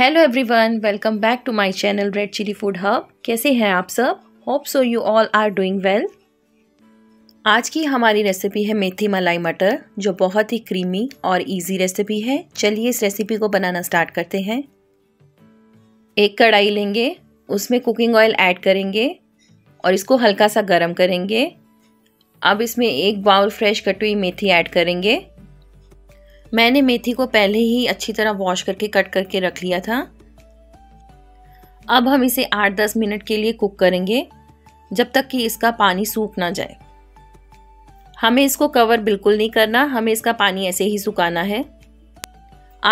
hello everyone welcome back to my channel Red Chilli Food Hub कैसे हैं आप सब hope so you all are doing well आज की हमारी रेसिपी है मेथी मलाई मटर जो बहुत ही क्रीमी और इजी रेसिपी है चलिए इस रेसिपी को बनाना स्टार्ट करते हैं एक कढ़ाई लेंगे उसमें कुकिंग ऑयल ऐड करेंगे और इसको हल्का सा गर्म करेंगे अब इसमें एक बाउल फ्रेश कटी हुई मेथी ऐड करेंगे मैंने मेथी को पहले ही अच्छी तरह वॉश करके कट करके रख लिया था अब हम इसे 8-10 मिनट के लिए कुक करेंगे जब तक कि इसका पानी सूख ना जाए हमें इसको कवर बिल्कुल नहीं करना हमें इसका पानी ऐसे ही सुखाना है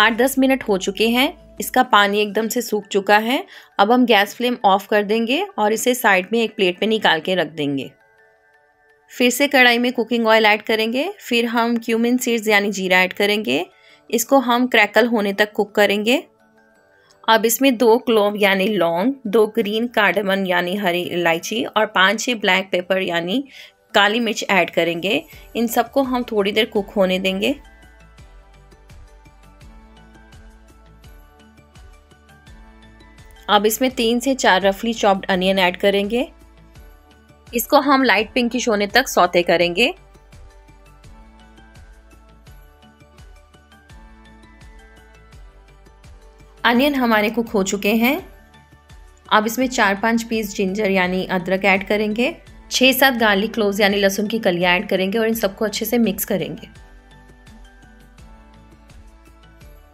8-10 मिनट हो चुके हैं इसका पानी एकदम से सूख चुका है अब हम गैस फ्लेम ऑफ कर देंगे और इसे साइड में एक प्लेट में निकाल के रख देंगे फिर से कढ़ाई में कुकिंग ऑयल ऐड करेंगे फिर हम क्यूमिन सीड्स यानी जीरा ऐड करेंगे इसको हम क्रैकल होने तक कुक करेंगे अब इसमें दो क्लोव यानी लौंग दो ग्रीन कार्डमन यानी हरी इलायची और पाँच छः ब्लैक पेपर यानी काली मिर्च ऐड करेंगे इन सबको हम थोड़ी देर कुक होने देंगे अब इसमें तीन से चार रफली चॉप्ड अनियन ऐड करेंगे इसको हम लाइट पिंकिश होने तक सौते करेंगे अनियन हमारे कुक हो चुके हैं अब इसमें चार पांच पीस जिंजर यानी अदरक ऐड करेंगे छः सात गार्लिक क्लोव यानी लहसुन की कलियाँ ऐड करेंगे और इन सबको अच्छे से मिक्स करेंगे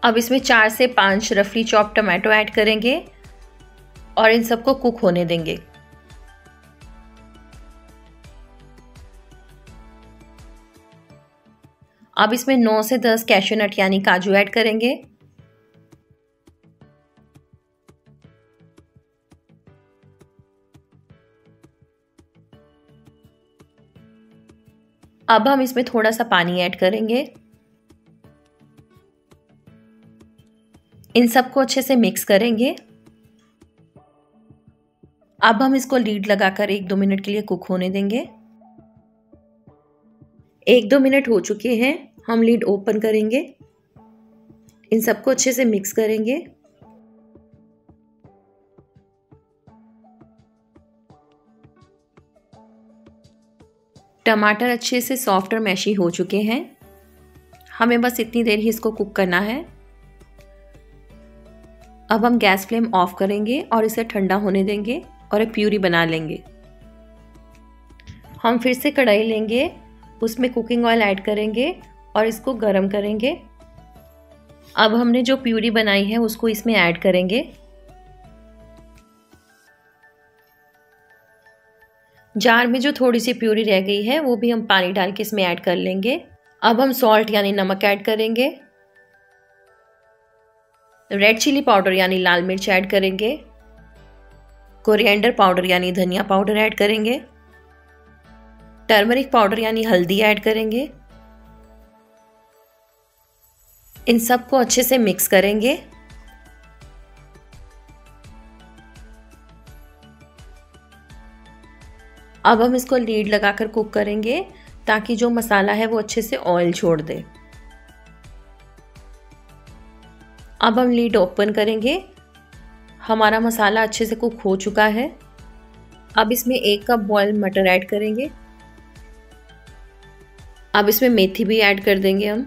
अब इसमें चार से पांच रफली चॉप टमाटो ऐड करेंगे और इन सबको कुक होने देंगे अब इसमें 9 से 10 कैशू नट यानी काजू ऐड करेंगे अब हम इसमें थोड़ा सा पानी ऐड करेंगे इन सबको अच्छे से मिक्स करेंगे अब हम इसको लीड लगाकर एक दो मिनट के लिए कुक होने देंगे एक दो मिनट हो चुके हैं हम लीड ओपन करेंगे इन सबको अच्छे से मिक्स करेंगे टमाटर अच्छे से सॉफ्ट और मैशी हो चुके हैं हमें बस इतनी देर ही इसको कुक करना है अब हम गैस फ्लेम ऑफ करेंगे और इसे ठंडा होने देंगे और एक प्यूरी बना लेंगे हम फिर से कढ़ाई लेंगे उसमें कुकिंग ऑयल ऐड करेंगे और इसको गर्म करेंगे अब हमने जो प्यूरी बनाई है उसको इसमें ऐड करेंगे जार में जो थोड़ी सी प्यूरी रह गई है वो भी हम पानी डाल के इसमें ऐड कर लेंगे अब हम सॉल्ट यानी नमक ऐड करेंगे रेड चिली पाउडर यानी लाल मिर्च ऐड करेंगे कोरिएंडर पाउडर यानी धनिया पाउडर ऐड करेंगे टर्मरिक पाउडर यानी हल्दी ऐड करेंगे इन सब को अच्छे से मिक्स करेंगे अब हम इसको लीड लगाकर कुक करेंगे ताकि जो मसाला है वो अच्छे से ऑयल छोड़ दे अब हम लीड ओपन करेंगे हमारा मसाला अच्छे से कुक हो चुका है अब इसमें एक कप बॉयल मटर ऐड करेंगे अब इसमें मेथी भी ऐड कर देंगे हम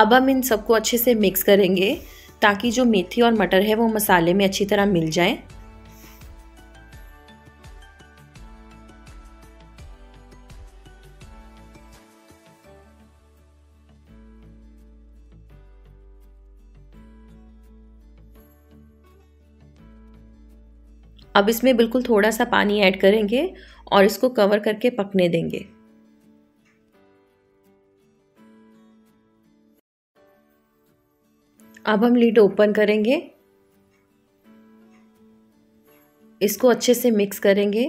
अब हम इन सबको अच्छे से मिक्स करेंगे ताकि जो मेथी और मटर है वो मसाले में अच्छी तरह मिल जाए अब इसमें बिल्कुल थोड़ा सा पानी ऐड करेंगे और इसको कवर करके पकने देंगे अब हम लीड ओपन करेंगे इसको अच्छे से मिक्स करेंगे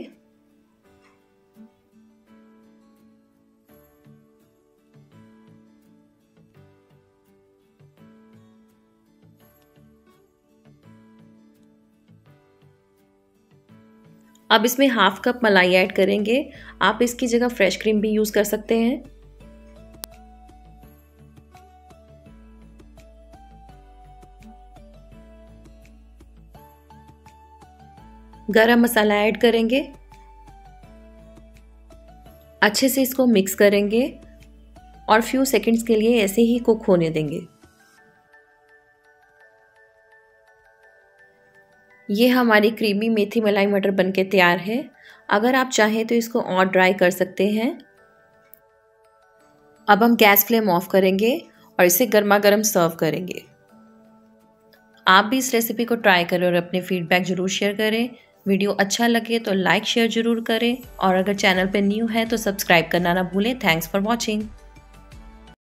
अब इसमें हाफ कप मलाई ऐड करेंगे आप इसकी जगह फ्रेश क्रीम भी यूज़ कर सकते हैं गरम मसाला ऐड करेंगे अच्छे से इसको मिक्स करेंगे और फ्यू सेकंड्स के लिए ऐसे ही कुक होने देंगे ये हमारी क्रीमी मेथी मलाई मटर बनके तैयार है अगर आप चाहें तो इसको और ड्राई कर सकते हैं अब हम गैस फ्लेम ऑफ करेंगे और इसे गर्मा गर्म सर्व करेंगे आप भी इस रेसिपी को ट्राई करें और अपने फीडबैक ज़रूर शेयर करें वीडियो अच्छा लगे तो लाइक शेयर ज़रूर करें और अगर चैनल पर न्यू है तो सब्सक्राइब करना ना भूलें थैंक्स फॉर वॉचिंग